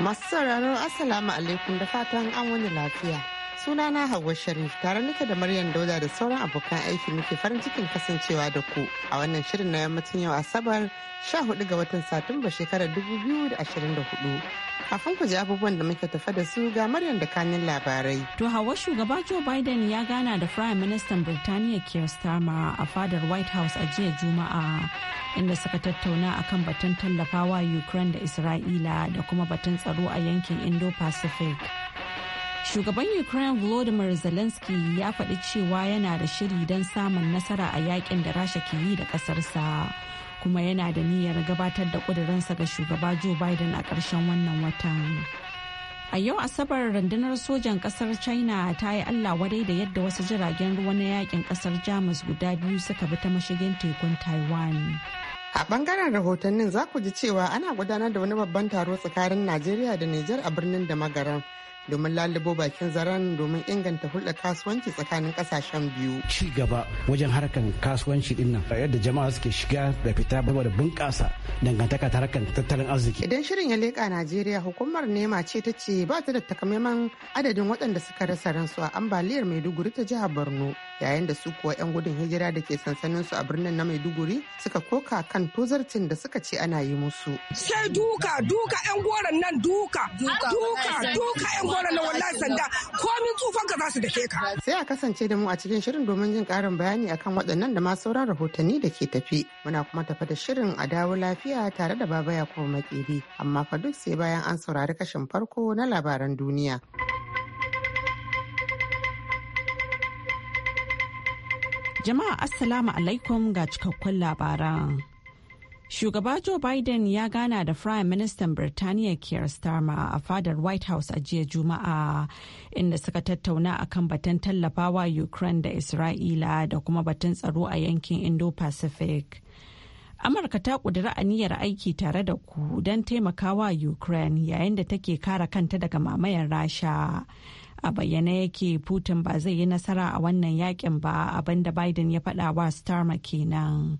Masu sauraron Assalamu alaikum da fatan an wani lafiya. suna na Hauwa Sharif tare nake da Maryam Dauda da sauran abokan aiki muke farin cikin kasancewa da ku a wannan shirin na yammacin yau Asabar 14 ga watan Satumba shekarar 2024. Kafin ku ji abubuwan da muke tafa da su ga Maryam da kanin labarai. To Hauwa shugaba Joe Biden ya gana da Prime Minister Birtaniya Keir Starmer a fadar White House a jiya Juma'a. inda suka tattauna akan batun tallafawa Ukraine da Isra'ila da kuma batun tsaro a yankin Indo-Pacific. Shugaban Ukraine Volodymyr Zelensky ya faɗi cewa yana da shiri don samun nasara a yakin da Rasha ke yi da ƙasarsa, kuma yana da niyyar gabatar da ƙudurinsa ga shugaba Joe Biden a ƙarshen wannan watan. A yau Asabar rundunar sojan kasar China ta yi Allah wadai da yadda wasu jiragen ruwa na yakin kasar Jamus guda biyu suka bi ta mashigin tekun Taiwan. A bangaren rahotannin za ku ji cewa ana gudanar da wani babban taro tsakanin Najeriya da Nijar a birnin da magaran domin lalubo bakin zaren domin inganta hulɗa kasuwanci tsakanin kasashen biyu. Ci gaba wajen harkar kasuwanci din nan yadda jama'a suke shiga da fita ba. da bunƙasa dangantaka ta harkar tattalin arziki. Idan shirin ya leƙa Najeriya hukumar nema ce ta ce ba ta da takamaiman adadin waɗanda suka rasa ransu a ambaliyar Maiduguri ta jihar Borno yayin da su kuwa 'yan gudun hijira da ke sansanin su a birnin na Maiduguri suka koka kan tozarcin da suka ce ana yi musu. Sai duka duka 'yan goron nan duka duka duka 'yan goron na wannan sanda komin tsufan ka za su dake ka. Sai a kasance da mu a cikin shirin domin jin karin bayani akan waɗannan da ma sauran rahotanni da ke tafi. Muna kuma tafa da shirin a dawo lafiya tare da baba ya kuma makiri. amma fa duk sai bayan an saurari kashin farko na labaran duniya. Jama'a Assalamu alaikum ga cikakkun labaran. Shugaba Joe Biden ya gana da Prime Minister Birtaniya Keir Starmer a fadar White House a jiya Juma'a inda suka tattauna akan batun tallafawa Ukraine da Isra'ila da kuma batun tsaro a yankin Indo-Pacific. Amurka ta ƙudiri aniyar aiki tare da ku don taimakawa Ukraine yayin da take kare kanta daga mamayar Rasha. A bayyane yake Putin ba zai yi nasara a wannan yakin ba abinda Biden ya faɗa wa Starmer kenan.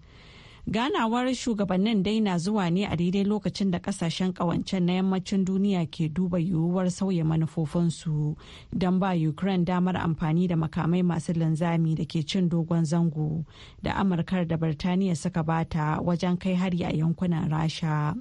ganawar shugabannin dai na zuwa ne a daidai lokacin da kasashen kawancen na yammacin duniya ke duba yiwuwar sauya manufofinsu don ba ukraine damar amfani da makamai masu linzami da ke cin dogon zango da amurkar da birtaniya suka bata wajen kai hari a yankunan rasha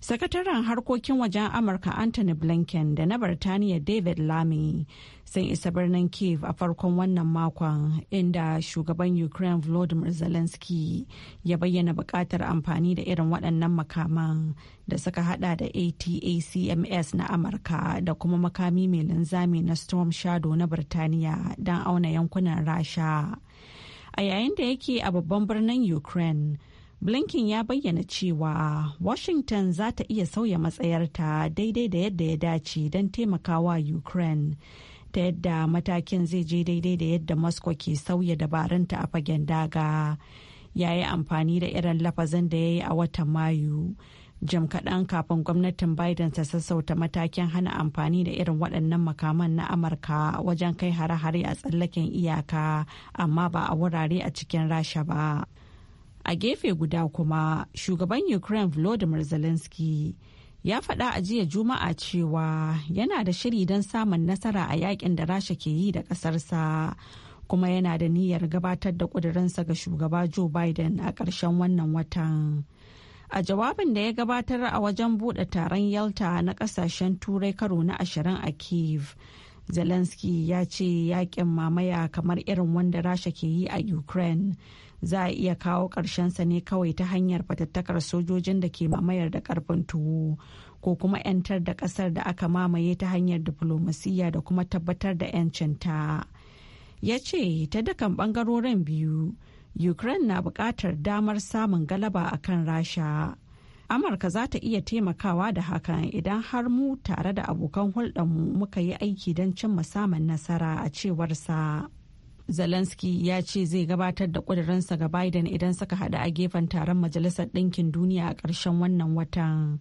sakataren harkokin wajen amurka anthony blinken da na birtaniya david lamy sun isa birnin kiev a farkon wannan makon inda shugaban ukraine volodymyr zelensky ya bayyana buƙatar amfani da irin waɗannan makaman da suka hada da atacms na amurka da kuma makami mai linzami na storm shadow na birtaniya don auna yankunan rasha a yayin da yake a babban birnin ukraine blinken ya bayyana cewa washington za ta iya sauya matsayarta daidai da yadda ya dace don taimakawa ukraine ta yadda matakin zai je daidai da yadda moscow ke sauya dabarunta a fagen daga ya yi amfani da irin lafazin da ya yi a watan mayu jim kaɗan kafin gwamnatin biden ta sassauta matakin hana amfani da irin waɗannan makaman na amurka wajen kai hare-hare a tsallaken iyaka amma ba a wurare a cikin rasha ba a gefe guda kuma shugaban ukraine volodymyr zelensky ya faɗa a jiya juma'a cewa yana da shiri don samun nasara a yakin da rasha ke yi da ƙasarsa kuma yana da niyyar gabatar da ƙudurinsa ga shugaba joe biden a ƙarshen wannan watan a jawabin da ya gabatar a wajen buɗe taron yalta na ƙasashen turai karo na ashirin a kiev zelensky ya ce yakin mamaya kamar irin wanda rasha ke yi a ukraine za a iya kawo ƙarshensa ne kawai ta hanyar fatattakar sojojin da ke mamayar da ƙarfin tuwo ko kuma 'yantar da ƙasar da aka mamaye ta hanyar diflomasiyya da kuma tabbatar da 'yancinta. Ya ce ta dukan ɓangarorin biyu, Ukraine na buƙatar damar samun galaba a kan Rasha. Amurka za ta iya taimakawa da hakan idan har mu tare da abokan hulɗarmu muka yi aiki don cimma samun nasara a cewarsa. Zelensky ya ce zai gabatar da ƙudurinsa ga Biden idan suka haɗu a gefen taron Majalisar Ɗinkin Duniya a ƙarshen wannan watan.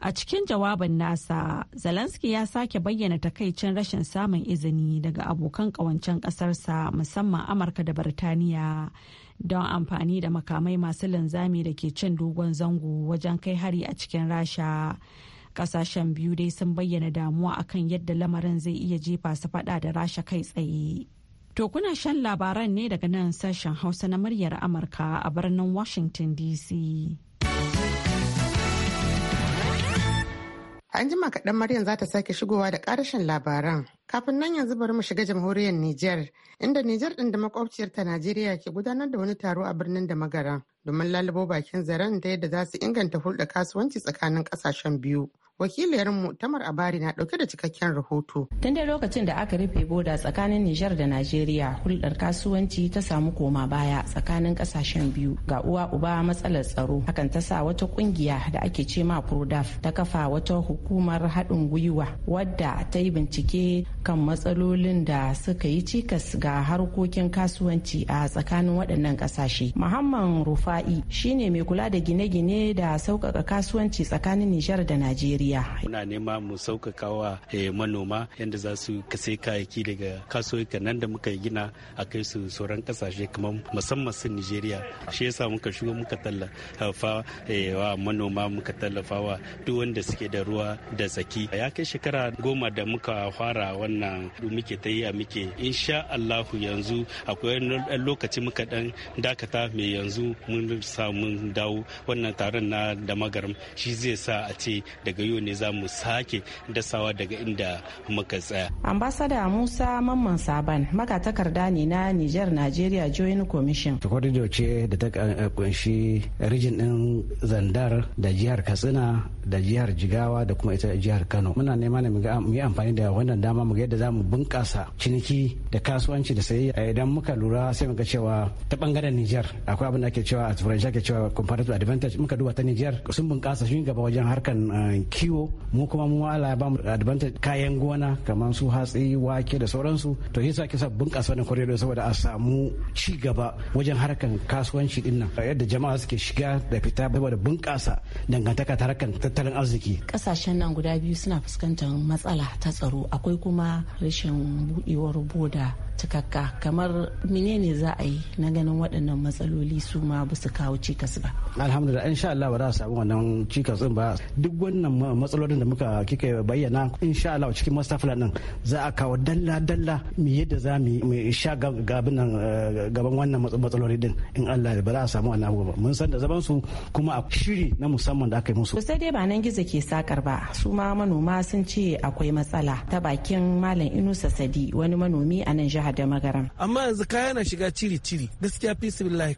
A cikin jawabin nasa, Zelensky ya sake bayyana takaicin rashin samun izini daga abokan ƙawancen ƙasarsa musamman Amurka da Birtaniya don amfani da makamai masu linzami da ke cin dogon zango wajen kai hari a cikin Rasha. Ƙasashen biyu dai sun bayyana damuwa akan yadda lamarin zai iya jefa su faɗa da Rasha kai tsaye. To kuna shan labaran ne daga nan sashen Hausa na muryar Amurka a birnin Washington DC. An jima kaɗan Maryam za ta sake shigowa da ƙarashin labaran. Kafin nan yanzu bari mu shiga jamhuriyar Nijar, inda Nijar ɗin da makwabciyar ta Najeriya ke gudanar da wani taro a birnin da magaran domin lalubo bakin zaren da yadda za su inganta hulɗa kasuwanci tsakanin ƙasashen biyu. wakiliyarmu tamar abari na dauke da cikakken rahoto tun da lokacin da aka rufe boda tsakanin nijar da najeriya hulɗar kasuwanci ta samu koma baya tsakanin kasashen biyu ga uwa uba matsalar tsaro hakan ta sa wata kungiya da ake ce ma prodaf ta kafa wata hukumar haɗin gwiwa wadda ta yi bincike kan matsalolin da suka yi cikas ga harkokin kasuwanci a tsakanin waɗannan ƙasashe muhammad rufa'i shine mai kula da gine-gine da sauƙaƙa kasuwanci tsakanin nijar da najeriya Najeriya. Muna nema mu sauƙaƙa wa eh, manoma yadda za su kase kayayyaki daga kasuwa nan da muka gina a kai su sauran kasashe kamar musamman su Najeriya. Shi yasa muka shigo muka tallafa eh, wa manoma muka tallafa wa duk wanda suke da ruwa da tsaki. Ya kai shekara goma da muka fara wannan muke ta yi a muke. Insha Allahu yanzu akwai lokaci muka ɗan dakata mai yanzu mun samu dawo wannan taron na da magaram shi zai sa a ce daga yau ne za mu sake dasawa daga inda muka tsaya. ambasada musa mamman saban magatakarda ne na niger nigeria joint commission. kwadido ce da ta eh, kunshi rijin din zandar da jihar katsina da jihar jigawa da kuma ita jihar kano muna nema ne mu yi amfani da wannan dama mu ga yadda za mu bunkasa ciniki da kasuwanci da sayayya eh, idan muka lura sai muka cewa ta bangaren niger akwai abin da ake cewa a turanci ake cewa comparative advantage muka duba ta nijar sun bunkasa shi gaba wajen harkan eh, kiwo mu kuma mu ala ba bamu advantage kayan gona kamar su hatsi wake da sauransu to yasa kisa bunƙasa wannan corridor saboda a samu ci gaba wajen harkan kasuwanci dinnan nan yadda jama'a suke shiga da fita saboda bunƙasa dangantaka ta harkan tattalin arziki kasashen nan guda biyu suna fuskantar matsala ta tsaro akwai kuma rashin buɗewar boda cikakka kamar menene za a yi na ganin waɗannan matsaloli su ma ba su kawo cikas ba alhamdulillah insha Allah ba za a samu wannan cikas din ba duk wannan matsalolin da muka kika bayyana insha Allah cikin master nan za a kawo dalla dalla mu yadda za mu sha gaban nan eh, gaban wannan matsaloli din in Allah ba za a samu wannan abu ba mun san da zaman su kuma a shiri na musamman da aka yi musu sai dai ba nan gizo ke sakar ba su ma manoma sun ce akwai matsala ta bakin malam Inusa Sadi wani manomi a nan jihar jihar da magaram amma yanzu kaya na shiga ciri-ciri gaskiya fi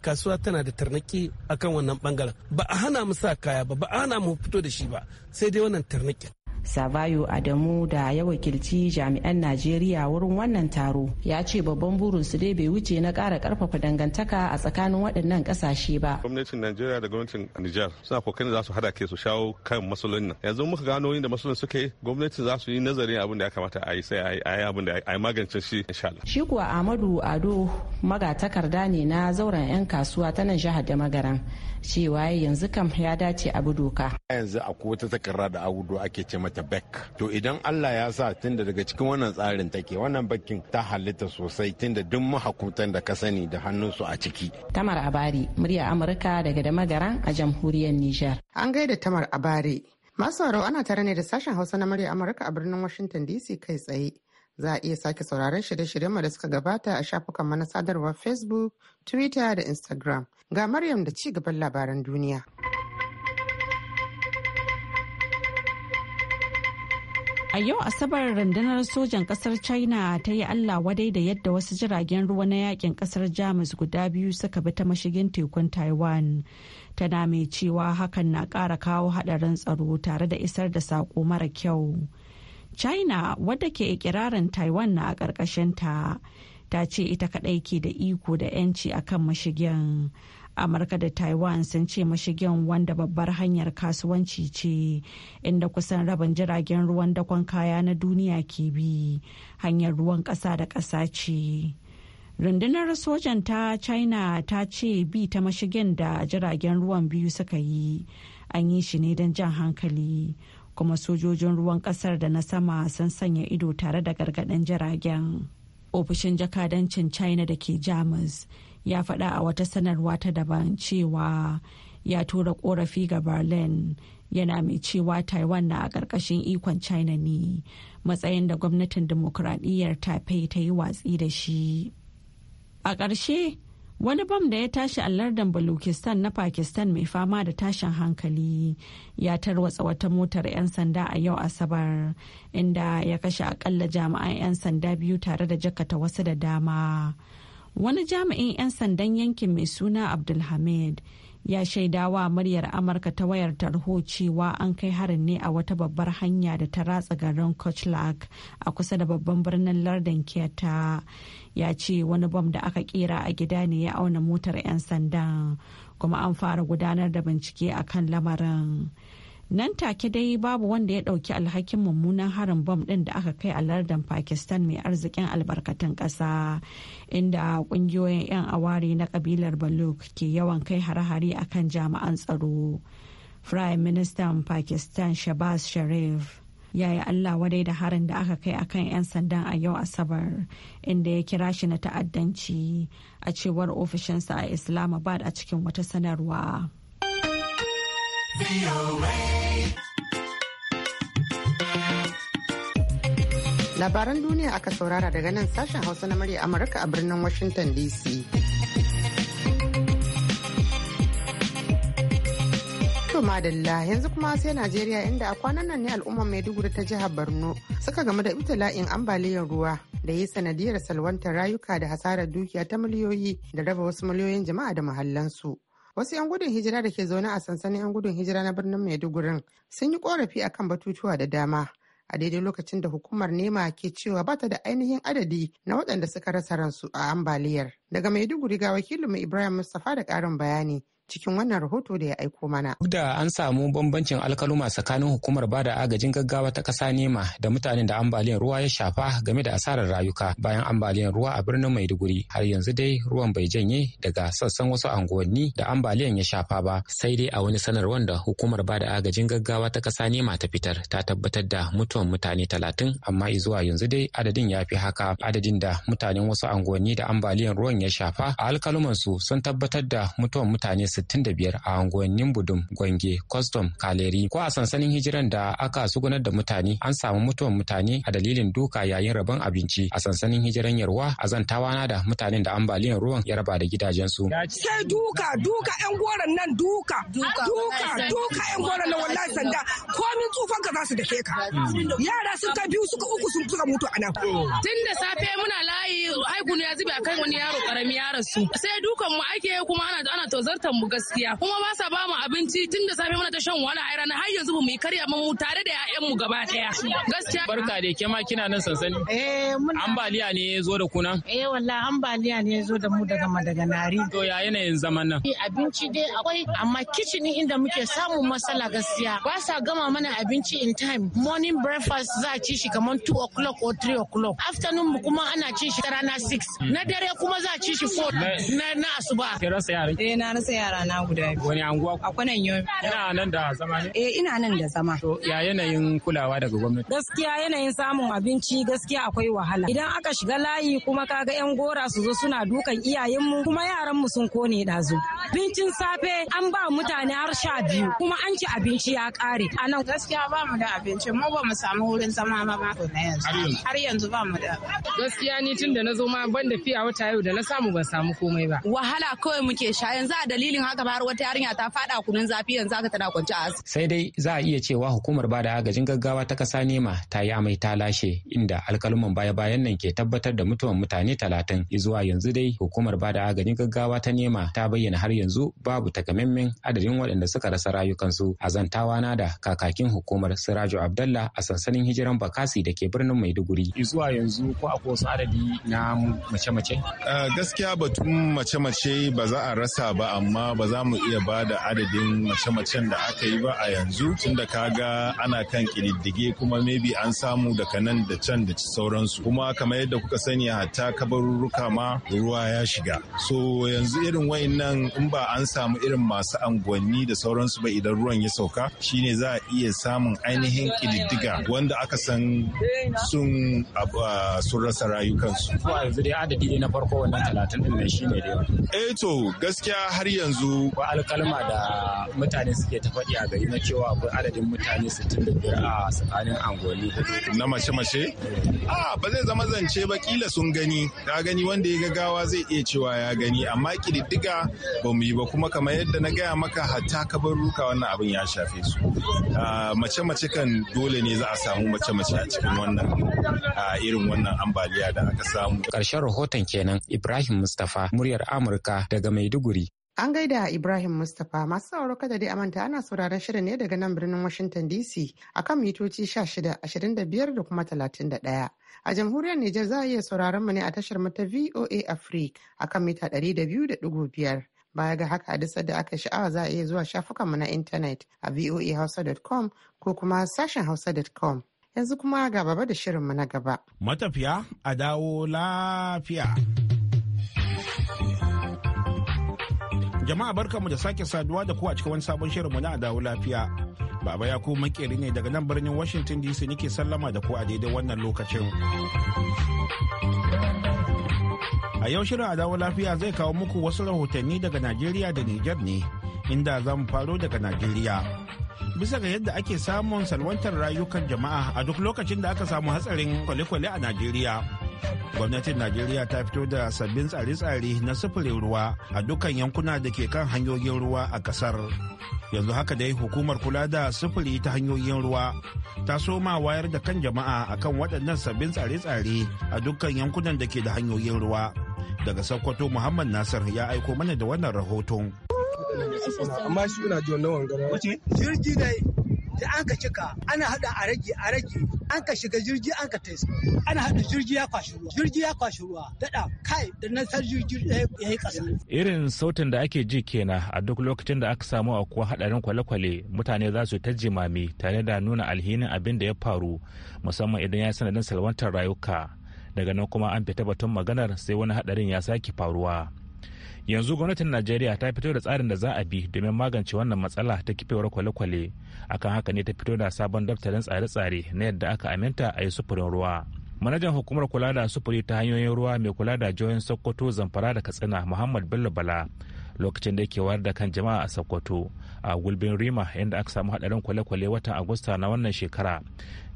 kasuwa tana da tarnaki akan wannan bangaren ba a hana mu sa kaya ba ba a hana mu fito da shi ba sai dai wannan tarnakin sabayo adamu da ya wakilci jami'an najeriya wurin wannan taro ya ce babban burinsu dai bai wuce na kara karfafa dangantaka a tsakanin waɗannan kasashe ba gwamnatin najeriya da gwamnatin nijar suna kokarin za su hada ke su shawo kan matsalolin nan yanzu muka gano inda matsalolin suke gwamnati za su yi nazarin abin da ya kamata a yi sai a yi abin da a yi magance shi insha Allah shi kuwa Ahmadu Ado magatakarda ne na zauren 'yan kasuwa ta nan jihar da magaran cewa yanzu kam ya dace abu doka yanzu akwai wata takarda da do ake ce mata ta bek to idan Allah ya sa tunda daga cikin wannan tsarin take wannan bakin ta halitta sosai tunda duk mahakutan da ka sani da hannunsu a ciki Tamar Abari murya Amurka daga da a jamhuriyar niger. an gaida Tamar Abari masu ana tare ne da sashen Hausa na murya Amurka a birnin Washington DC kai tsaye za a iya sake sauraron shirye-shiryenmu da suka gabata a shafukan mana sadarwar facebook twitter da instagram ga maryam da ci gaban labaran duniya A yau Asabar rundunar sojan kasar China ta yi Allah wadai da yadda wasu jiragen ruwa na yakin kasar Jamus guda biyu suka bi ta mashigin tekun Taiwan. Tana mai cewa hakan na ƙara kawo haɗarin tsaro tare da isar da sako mara kyau. China wadda ke ikirarin Taiwan na a ƙarƙashinta ta ce ita kaɗai ke da iko da 'yanci akan mashigin. amurka da taiwan sun ce mashigin wanda babbar hanyar kasuwanci ce inda kusan rabin jiragen ruwan dakon kaya na duniya ke bi hanyar ruwan kasa da kasa ce rundunar sojan ta china ta ce bi ta mashigin da jiragen ruwan biyu suka yi an yi shi ne don jan hankali kuma sojojin ruwan kasar da na sama sun sanya ido tare da gargaɗin jiragen ofishin jakadancin china da ke jamus ya faɗa a wata sanarwa ta daban cewa ya tura korafi ga berlin yana mai cewa taiwan na a ƙarƙashin ikon china ne matsayin da gwamnatin demokuraɗiyyar taipei ta yi watsi da shi a ƙarshe wani bam da ya tashi a lardan balukistan na pakistan mai fama da tashin hankali ya tarwatsa wata motar 'yan sanda a yau asabar inda ya kashe akalla jami'an 'yan sanda biyu tare da jakata wasu da dama wani jami'in 'yan sandan yankin mai suna abdulhamid ya shaidawa muryar amurka ta wayar tarho cewa an kai harin ne a wata babbar hanya da ta ratsa garin kochlak a kusa da babban birnin lardin keta ya ce wani bam da aka kera a gida ne ya auna motar 'yan sandan kuma an fara gudanar da bincike a kan lamarin nan take dai babu wanda ya dauki alhakin mummunan harin bom ɗin da aka kai a lardin pakistan mai arzikin albarkatun ƙasa inda kungiyoyin 'yan aware na kabilar baluk ke yawan kai hare-hare a kan jami'an tsaro prime minister pakistan shabaz sharif ya yi allah wadai da harin da aka kai akan 'yan sandan a yau asabar inda ya kira shi na ta'addanci a cewar ofishinsa a islamabad a cikin wata sanarwa. Labaran duniya aka saurara daga nan sashen Hausa na murya Amurka a birnin Washington DC. To madalla yanzu kuma sai Najeriya inda a kwanan nan ne al'ummar Maiduguri ta jihar Borno suka game da ibtila'in ambaliyar ruwa da yi sanadiyar salwantar rayuka da hasarar dukiya ta miliyoyi da raba wasu miliyoyin jama'a da mahallansu. Wasu 'yan gudun hijira da ke zaune a sansanin 'yan gudun hijira na birnin Maiduguri sun yi korafi kan batutuwa da dama. a daidai lokacin da hukumar nema ke cewa ba ta da ainihin adadi na waɗanda suka rasa ransu a ambaliyar. Daga Maiduguri ga wakilinmu Ibrahim Mustapha da ƙarin bayani. cikin wannan rahoto da ya aiko mana. Duk da an samu bambancin alkaluma tsakanin hukumar bada agajin gaggawa ta kasa nema da mutanen da ambaliyar ruwa ya shafa game da asarar rayuka bayan ambaliyar ruwa a birnin Maiduguri har yanzu dai ruwan bai janye daga sassan wasu anguwanni da ambaliyar ya shafa ba sai dai a wani sanarwar da hukumar bada agajin gaggawa ta kasa nema ta fitar ta tabbatar da mutuwan mutane talatin amma zuwa yanzu dai adadin ya fi haka adadin da mutanen wasu anguwanni da ambaliyar ruwan ya shafa a alkalumansu sun tabbatar da mutuwan mutane 65 a unguwannin Budum, Gwange, Custom, Kaleri. Ko a sansanin hijiran da aka sugunar da mutane an samu mutuwan mutane a dalilin duka yayin rabon abinci a sansanin hijiran Yarwa a zantawana da mutanen da ambaliyar ruwan ya raba da gidajensu. Sai duka duka yan goron nan duka duka duka yan goron nan wallahi sanda komin tsufan ka za su dake ka. Yara sun ka biyu suka uku sun suka mutu a nan. Tun da safe muna layi aikunu ya zube akan wani yaro karami ya rasu. Sai dukan mu ake kuma ana ana tozartan mu gaskiya kuma ba sa ba mu abinci tun da safe muna ta shan wala a rana har yanzu ba mu yi karya mu tare da ƴaƴan mu gaba daya gaskiya barka da ke ma kina nan sansani eh ambaliya ne ya zo da kuna eh wallahi ambaliya ne ya zo da mu daga madaganari to ya yanayin zaman nan abinci dai akwai amma kicini inda muke samun matsala gaskiya ba sa gama mana abinci in time morning breakfast za a ci shi kamar 2 o'clock or 3 o'clock afternoon kuma ana ci shi rana 6 na dare kuma za a ci shi 4 na asuba ke rasa yare eh na rasa yara yara na guda biyu. Wani anguwa? A kwanan yau. Ina nan da zama ne? Eh ina nan da zama. To ya yanayin kulawa daga gwamnati? Gaskiya yanayin samun abinci gaskiya akwai wahala. Idan aka shiga layi kuma kaga yan gora su zo suna dukan iyayenmu kuma yaran mu sun kone ɗazu. Bincin safe an ba mutane har sha biyu kuma an ci abinci ya kare. A nan gaskiya ba mu da abinci mu ba mu samu wurin zama ma yanzu. Har yanzu ba mu da. Gaskiya ni tun da na zo ma ban da fiya wata yau da na samu ban samu komai ba. Wahala kawai muke sha yanzu a dalilin haka har wata yarinya ta fada kunun zafi yanzu haka tana kwance a sai dai za a iya cewa hukumar bada agajin gaggawa ta kasa nema ta yi amai ta lashe inda alkaluman baya-bayan nan ke tabbatar da mutuwan mutane talatin zuwa yanzu dai hukumar bada agajin gaggawa ta nema ta bayyana har yanzu babu takamaiman adadin waɗanda suka rasa rayukansu a zantawa na da kakakin hukumar siraju abdalla a sansanin hijiran bakasi da ke birnin maiduguri zuwa yanzu ko a kosa adadi na mace-mace eh, gaskiya batun mace-mace ba za a rasa ba amma ba za mu iya ba da adadin mace-macen da aka yi ba a yanzu tunda kaga ana kan kididdige kuma maybe an samu daga nan da can da sauransu kuma kamar yadda kuka sani hatta kabarurruka ma ruwa ya shiga so yanzu irin wayannan in ba an samu irin masu angwanni da sauransu ba idan ruwan ya sauka shine za a iya samun ainihin kididdiga wanda aka san sun sun rasa rayukansu. Ko yanzu dai adadi ne na farko wannan talatin din shine Eh to gaskiya har yanzu yanzu ko alkalma da mutane suke ta faɗi a gari na cewa akwai adadin mutane 65 a tsakanin angoli na mace-mace a ba zai zama zance ba kila sun gani ka gani wanda ya gagawa zai iya cewa ya gani amma kididdiga ba mu yi ba kuma kamar yadda na gaya maka hatta ka bar ruka wannan abin ya shafe su mace-mace kan dole ne za a samu mace-mace a cikin wannan irin wannan ambaliya da aka samu Karshen rahoton kenan ibrahim mustapha muryar amurka daga maiduguri An gaida Ibrahim Mustapha masu sauraro kada dai amanta ana sauraron shirin ne daga nan birnin Washington DC akan mitoci 16, da kuma 31. A jamhuriyar Nijar za a iya sauraron mu ne a tashar mu ta VOA Africa akan mita 200.5. Baya ga haka a disa da aka sha'awa za a iya zuwa shafukan mu na intanet a voahausa.com ko kuma sashen hausa.com. Yanzu kuma ga baba da shirin mu na gaba. Matafiya a dawo lafiya. Jama'a barka mu da sake saduwa da ku a cikin wani sabon shirinmu na dawo lafiya. Baba ya ku makeri ne daga nan birnin Washington DC nake sallama da ku a daidai wannan lokacin. A yau shirin adawa lafiya zai kawo muku wasu rahotanni daga Najeriya da niger ne, inda za mu faro daga Najeriya. Bisa ga yadda ake samun salwantar rayukan jama'a a duk lokacin da aka samu hatsarin kwale a Najeriya. gwamnatin najeriya ta fito da sabbin tsare-tsare na sufurin ruwa a dukkan yankuna da ke kan hanyoyin ruwa a kasar yanzu haka dai hukumar kula da sufuri ta hanyoyin ruwa ta soma wayar da kan jama'a akan waɗannan sabbin tsare-tsare a dukkan yankunan da ke da hanyoyin ruwa daga sokoto muhammad nasir ya aiko mana da wannan rahoton amma shi jirgi dai da aka cika ana hada a rage a rage an ka shiga jirgi an ka taisa ana haɗa jirgi ya kwashi ruwa jirgi ya kwashi ruwa daɗa kai da nan sar jirgi eh, ya yi ƙasa. irin sautin da ake ji kenan a duk lokacin da aka samu akwai haɗarin kwale-kwale mutane za su ta jimami tare da nuna alhinin abin da ya faru musamman idan ya sanadin salwantar rayuka daga nan kuma an fita batun maganar sai wani haɗarin ya sake faruwa. yanzu gwamnatin najeriya ta fito da tsarin da za a bi domin magance wannan matsala ta kifewar kwale-kwale akan haka ne ta fito da sabon daftarin tsare-tsare na yadda aka aminta a yi sufurin ruwa manajan hukumar kula da sufuri ta hanyoyin ruwa mai kula da jihohin sokoto zamfara da katsina muhammad bello bala lokacin da yake wayar da kan jama'a a sokoto a gulbin rima inda aka samu hadarin kwale-kwale watan agusta na wannan shekara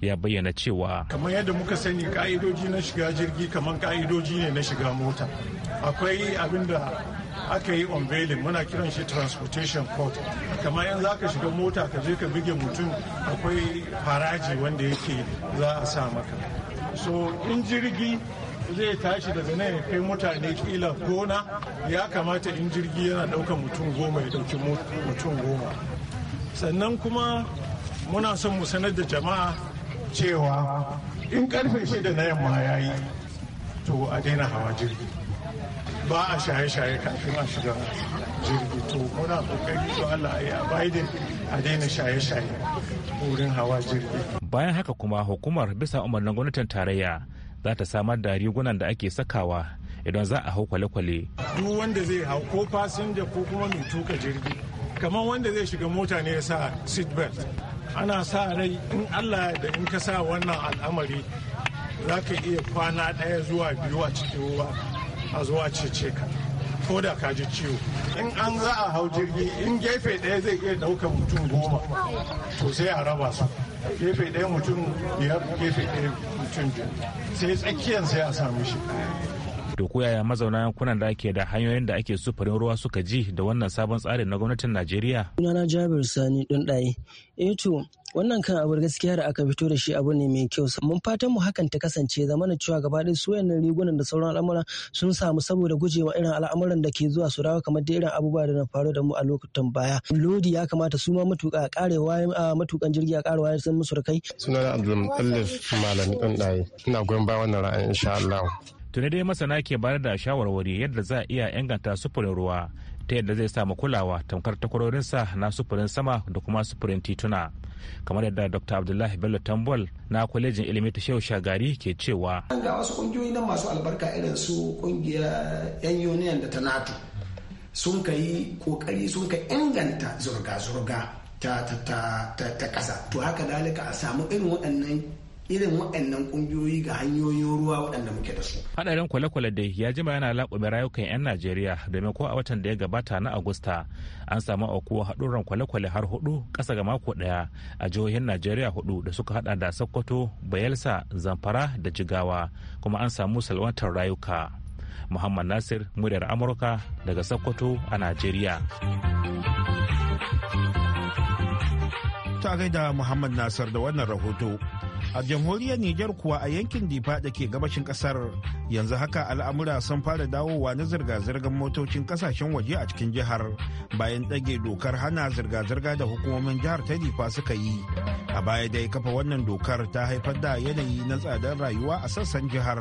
ya bayyana cewa kamar yadda muka sani ka'idoji na shiga jirgi kamar ka'idoji ne na shiga mota akwai abin da aka yi unveiling muna kiran shi transportation court kamar yanzu za ka shiga mota ka je ka buge mutum akwai haraji wanda yake za a sa maka so in jirgi zai tashi daga nan ya kai mutane kila gona ya kamata in jirgi yana ɗauka mutum goma ya ɗauki mutum goma sannan kuma muna son mu sanar da jama'a cewa in karfe shida na yamma ya yi to a daina hawa jirgi ba a shaye-shaye kafin a shiga jirgi to muna kokari to Allah ya Biden a daina shaye-shaye wurin hawa jirgi bayan haka kuma hukumar bisa umarnin gwamnatin tarayya za ta samar da rigunan da ake sakawa idan za a hau kwale-kwale. Duk wanda zai hau ko fasinja ko kuma mai tuka jirgi kamar wanda zai shiga mota ne ya sa seat belt. Ana sa rai in Allah da in ka sa wannan al'amari za ka iya kwana ɗaya zuwa biyu a cikin ruwa a zuwa cece ka. ko da ka ji ciwo in an za a hau jirgi in gefe ɗaya zai iya ɗaukar mutum goma to sai a raba su gefe ɗaya mutum biyar gefe ɗaya mutum biyu sai tsakiyan sai a samu shi to ko yaya mazauna yankunan da ake da hanyoyin da ake sufurin ruwa suka ji da wannan sabon tsarin na gwamnatin najeriya na jabir sani ɗin ɗaye eh to wannan kan abu gaskiya da aka fito da shi abu ne mai kyau mun fatan mu hakan ta kasance zamana cewa gaba ɗaya su wayannan rigunan da sauran al'amuran sun samu saboda gujewa irin al'amuran da ke zuwa su dawo kamar da irin abubuwa da na faru da mu a lokutan baya lodi ya kamata su ma matuƙa ƙarewa matuƙan jirgi a ƙarewa sun musu na sunana abdulmutallif malami ɗan ɗaye ina goyon bayan wannan ra'ayin insha Allah tuni dai masana ke bayar da shawarwari yadda za a iya inganta sufurin ruwa ta yadda zai samu kulawa tamkar takwarorinsa na sufurin sama da kuma sufurin tituna kamar yadda dr abdullahi bello tambol na kwalejin ilimi ta shehu shagari ke cewa ga wasu kungiyoyi na masu albarka irin su kungiyar yan union da ta nato sun ka yi kokari sun ka inganta zurga-zurga ta, ta, ta, ta, kasa to haka dalika a samu irin waɗannan irin waɗannan ƙungiyoyi ga hanyoyin ruwa waɗanda muke da su. Haɗarin kwale-kwale dai ya jima yana laƙume rayukan 'yan Najeriya domin ko a watan da ya gabata na Agusta an samu aukuwa haɗurran kwale-kwale har hudu ƙasa ga mako ɗaya a jihohin Najeriya hudu da suka haɗa da Sokoto, Bayelsa, Zamfara da Jigawa kuma an samu salwantar rayuka. Muhammad Nasir, muryar Amurka daga Sokoto a Najeriya. Ta gaida Muhammad Nasir da wannan rahoto. a jamhuriyar Nijar kuwa a yankin Difa da ke gabashin kasar yanzu haka al'amura sun fara dawowa na zirga-zirgar motocin kasashen waje a cikin jihar bayan ɗage dokar hana zirga-zirga da hukumomin jihar ta Difa suka yi. A baya dai kafa wannan dokar ta haifar da yanayi na tsadar rayuwa a sassan jihar.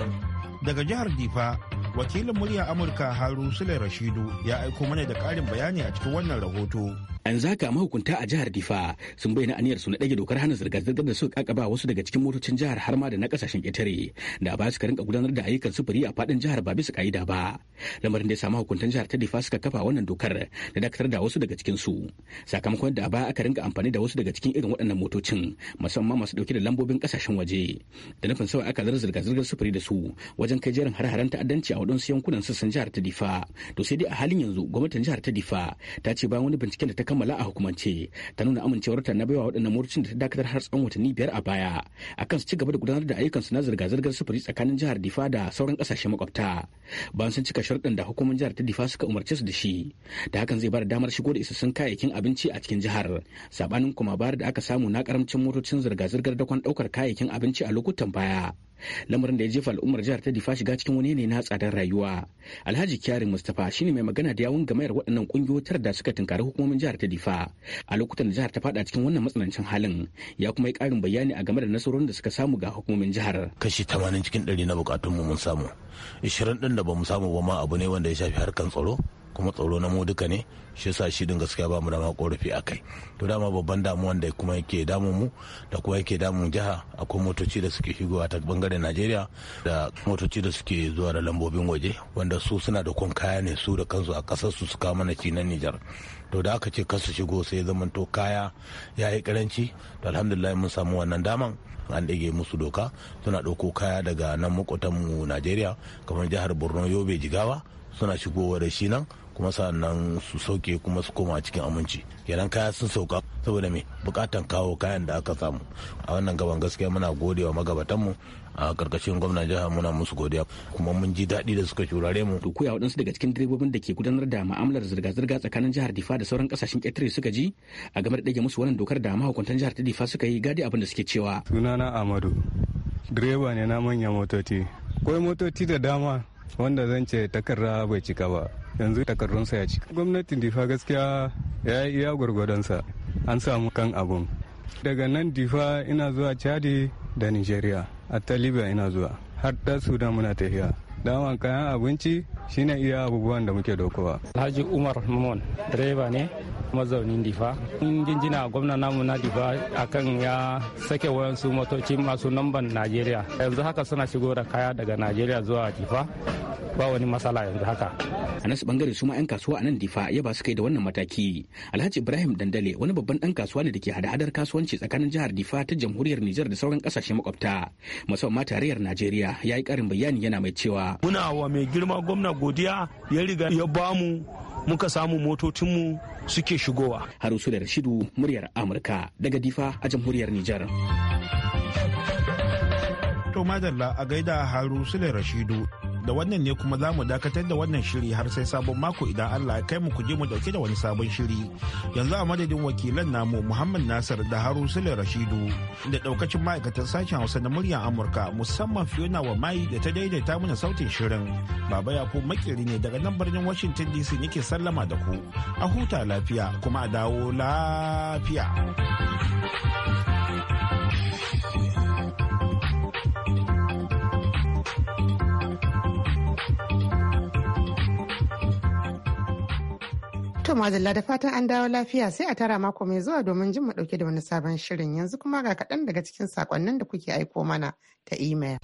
Daga jihar Difa, wakilin murya Amurka Haru Sule Rashidu ya aiko mana da ƙarin bayani a cikin wannan rahoto. an zaka mahukunta a jihar difa sun bayyana aniyar su na dage dokar hana zirga-zirgar da suka kakaba wasu daga cikin motocin jihar har ma da na kasashen ƙetare da ba su rinka gudanar da ayyukan sufuri a fadin jihar ba bisa ka'ida ba lamarin da ya samu hukuntan jihar ta difa suka kafa wannan dokar da dakatar da wasu daga cikin su sakamakon da ba aka rinka amfani da wasu daga cikin irin waɗannan motocin musamman masu dauke da lambobin kasashen waje da nufin sawa aka zara zirga-zirgar sufuri da su wajen kai jerin har-haren ta'addanci a waɗansu yankunan sassan jihar ta difa to sai dai a halin yanzu gwamnatin jihar ta difa ta ce bayan wani binciken da ta kammala a hukumance ta nuna amincewarta na baiwa waɗannan murcin da ta dakatar har tsawon watanni biyar a baya akan su ci gaba da gudanar da ayyukansu na zirga-zirgar sufuri tsakanin jihar difa da sauran ƙasashen makwabta bayan sun cika sharuɗan da hukumar jihar ta difa suka umarce su da shi da hakan zai ba da damar shigo da isassun kayayyakin abinci a cikin jihar sabanin kuma bayar da aka samu na karamcin motocin zirga-zirgar dakon ɗaukar kayayyakin abinci a lokutan baya lamarin da ya jefa al'ummar jihar ta difa shiga cikin wani ne na tsadar rayuwa alhaji kyari mustapha shine mai magana da yawun gamayar waɗannan ƙungiyotar da suka tunkari hukumomin jihar ta difa a lokutan da jihar ta fada cikin wannan matsanancin halin ya kuma yi ƙarin bayani a game da nasarorin da suka samu ga hukumomin jihar kashi tamanin cikin 100 na bukatunmu mun samu ishirin ɗin da bamu samu ba ma abu ne wanda ya shafi harkan tsaro kuma tsaro na mu duka ne shi sa shi din gaskiya ba mu dama korafi a kai to dama babban damuwan da kuma yake damu mu da kuma yake damun jiha akwai motoci da suke shigowa ta bangaren najeriya da motoci da suke zuwa da lambobin waje wanda su suna da kun kaya ne su da kansu a kasar su su mana ci na nijar to da aka ce kasu shigo sai zamanto kaya ya yi karanci to alhamdulillah mun samu wannan daman an ɗage musu doka suna ɗauko kaya daga nan mu najeriya kamar jihar borno yobe jigawa suna shigowa da shi nan kuma sa'annan su sauke kuma su koma cikin aminci kenan kaya sun sauka saboda me bukatan kawo kayan da aka samu a wannan gaban gaskiya muna godewa magabatanmu a karkashin gwamnan jihar muna musu godiya kuma mun ji daɗi da suka shurare mu. To koya waɗansu daga cikin direbobin da ke gudanar da ma'amalar zirga-zirga tsakanin jihar Difa da sauran kasashen ƙetare suka ji a game da ɗage musu wannan dokar da mahukuntan jihar ta Difa suka yi gadi abin da suke cewa. Sunana Amadu, direba ne na manyan motoci. Akwai motoci da dama wanda zan ce takarra bai cika ba. yanzu takardunsa ya ci gwamnatin difa gaskiya ya yi iya gwargwadonsa an samu kan abun daga nan difa ina zuwa chadi da nigeria a ta libya ina zuwa har da sudan muna tafiya daman kayan abinci shine iya abubuwan da muke dokowa alhaji umar mamon direba ne mazaunin difa in jinjina gwamna namu na difa akan ya sake su motoci masu namban najeriya yanzu haka suna shigo da kaya daga najeriya zuwa difa ba wani matsala yanzu haka a nasu bangare su ma 'yan kasuwa a nan difa ya ba su kai da wannan mataki alhaji ibrahim dandale wani babban dan kasuwa ne da ke hada-hadar kasuwanci tsakanin jihar difa ta jamhuriyar nijar da sauran kasashe makwabta musamman tarayyar najeriya ya yi karin bayani yana mai cewa muna wa mai girma gwamna godiya ya riga ya bamu muka samu motocinmu suke shigowa. Harusu da Rashidu muryar Amurka daga Difa a jamhuriyar Nijar. To madalla a gaida Harusu da Rashidu da wannan ne kuma za mu dakatar da wannan shiri har sai sabon mako idan Allah ya kai mu kuje mu dauke da wani sabon shiri. Yanzu a madadin wakilan namu Muhammad Nasir da Haru Sule Rashidu da daukacin ma'aikatan sashen Hausa na muryar Amurka musamman Fiona wa Mai da ta daidaita mana sautin shirin. Baba Yakubu makiri ne daga nan birnin Washington DC nake sallama da ku. A huta lafiya kuma a dawo lafiya. To madalla da fatan an dawo lafiya sai a tara mako mai zuwa domin jin mu dauke da wani sabon shirin yanzu kuma ga kaɗan daga cikin sakonnin da kuke aiko mana ta imel.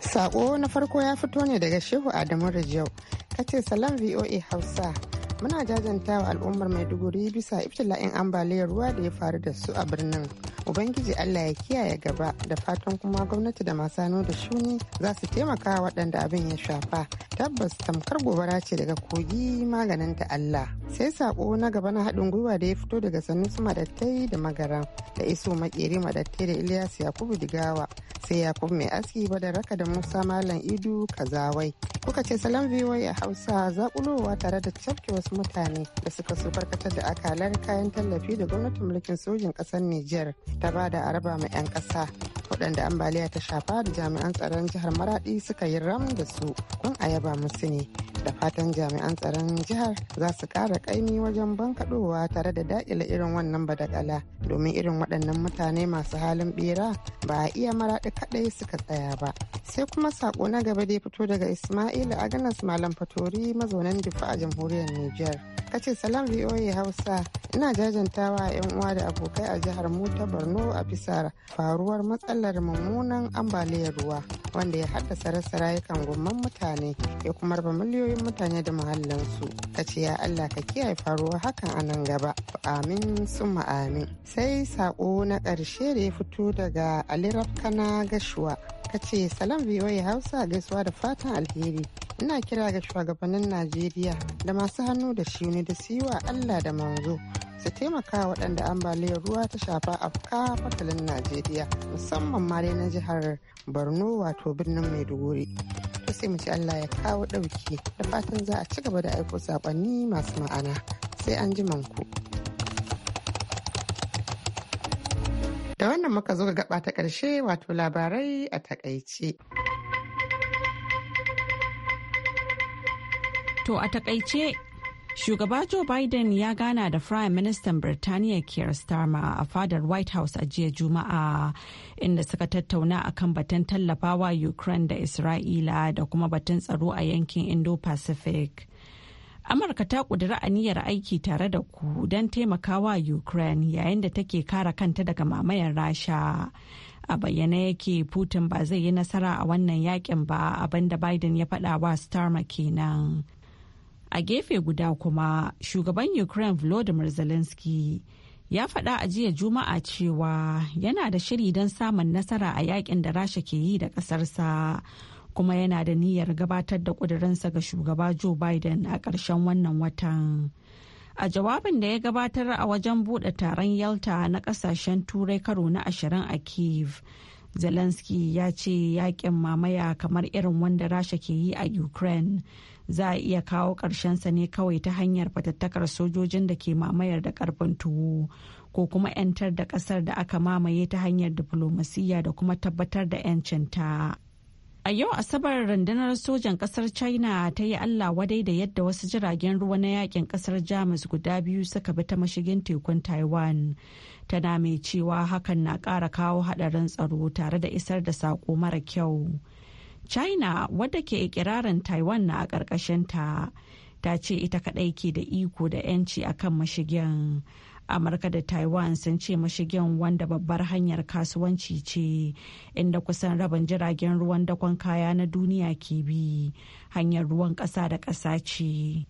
Sako na farko ya fito ne daga Shehu Adamu Rijau. Kace salam VOA Hausa. muna jajanta wa al'ummar maiduguri bisa ibtila'in ambaliyar ruwa da ya faru da su a birnin ubangiji allah ya kiyaye gaba da fatan kuma gwamnati da masu da shuni za su taimaka waɗanda abin ya shafa tabbas tamkar gobara ce daga kogi maganin ta allah sai saƙo na gaba na haɗin gwiwa da ya fito daga su madattai da magaran da iso makeri madattai da ilyas yakubu digawa sai yakub mai aski ba da raka da musa malam idu kazawai kuka ce salon voa a hausa zakulowa tare da cafke wasu mutane da suka so farkatar da akalar kayan tallafi da gwamnatin mulkin sojin kasar niger ta ba da araba ma 'yan kasa waɗanda ambaliya ta shafa da jami'an tsaron jihar maraɗi suka yi ram da su kun ayaba musu ne da fatan jami'an tsaron jihar za su ƙara ƙaimi wajen bankaɗowa tare da daƙile irin wannan badakala domin irin waɗannan mutane masu halin bera ba a iya maraɗi kaɗai suka tsaya ba sai kuma sako na gaba da ya fito daga ismail agnes malam fatori mazaunan dufa a jamhuriyar niger kace salam voa hausa ina jajantawa 'yan uwa da abokai a jihar mu ta borno a bisa faruwar matsala. matsalar mummunan ambaliyar ruwa wanda ya haddasa rasa rayukan gomman mutane ya kuma raba miliyoyin mutane da muhallinsu ka ce ya Allah ka kiyaye faruwa hakan a nan gaba amin sun amin sai sako na karshe da ya fito daga Ali Gashuwa ka ce salam ya hausa gaisuwa da fatan alheri ina kira ga shugabannin najeriya da masu hannu da ne da siwa allah da manzo su taimaka waɗanda ambaliyar ruwa ta shafa a fatalin najeriya musamman ma dai na jihar borno wato birnin maiduguri to sai mu ci allah ya kawo ɗauki da fatan za a ci gaba da aiko saƙonni masu ma'ana sai an ji manku. da wannan muka zo ga gaba ta ƙarshe wato labarai a takaice. To a takaice Shugaba Joe Biden ya gana da Prime Minister Birtaniya Keir Starmer a fadar White House a jiya Juma'a inda suka tattauna a kan batun tallafawa Ukraine da Isra'ila da kuma batun tsaro a yankin Indo-Pacific. Amurka ta ƙudiri aniyar aiki tare da ku don taimakawa Ukraine yayin da take kare kanta daga mamayar Rasha. A bayyana yake Putin ba zai yi nasara a wannan yakin ba abinda Biden ya faɗa wa Starmer kenan. a gefe guda kuma shugaban ukraine volodymyr zelensky ya faɗa a jiya juma'a cewa yana da shiri don samun nasara a yakin da rasha ke yi da ƙasarsa kuma yana da niyyar gabatar da ƙudurinsa ga shugaba joe biden a ƙarshen wannan watan a jawabin da ya gabatar a wajen buɗe taron yalta na ƙasashen turai karo na ashirin a kiev zelensky ya ce yakin mamaya kamar irin wanda rasha ke yi a ukraine za a iya kawo ƙarshensa ne kawai ta hanyar fatattakar sojojin da ke mamayar da ƙarfin tuwo ko kuma 'yantar da ƙasar da aka mamaye ta hanyar diflomasiyya da kuma tabbatar da 'yancinta. A yau Asabar rundunar sojan kasar China ta yi Allah wadai da yadda wasu jiragen ruwa na yakin kasar Jamus guda biyu suka bi ta mashigin tekun Taiwan. Tana mai cewa hakan na ƙara kawo haɗarin tsaro tare da isar da saƙo mara kyau. china wadda ke ikirarin taiwan na a ƙarƙashinta ta ce ita kaɗai ke da iko da 'yanci akan mashigin amurka da taiwan sun ce mashigin wanda babbar hanyar kasuwanci ce inda kusan rabin jiragen ruwan dakon kaya na duniya ke bi hanyar ruwan ƙasa da ƙasa ce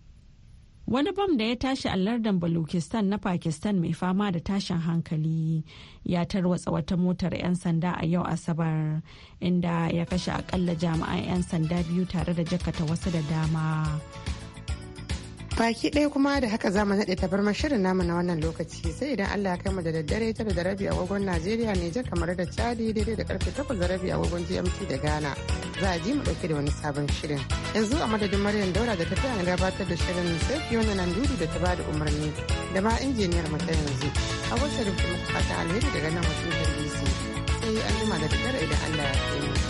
wani bam da ya tashi a lardan balukistan na pakistan mai fama da tashin hankali ya tarwatsa wata motar 'yan sanda a yau asabar inda ya kashe akalla jami'an 'yan sanda biyu tare da jakata wasu da dama baki ɗaya kuma da haka zamu naɗe tabar mashirin namu na wannan lokaci sai idan Allah ya kai mu da daddare tara da rabi agogon Najeriya ne Nijar kamar da Chadi daidai da karfe takwas da rabi agogon GMT da Ghana za a ji mu ɗauke da wani sabon shirin yanzu a madadin Maryam Daura da ta na gabatar da shirin sai nan dudu da ta ba da umarni da ma injiniyar mu ta yanzu a wasu rubutu fata alheri daga nan wasu DC sai an jima da daddare idan Allah ya kai mu.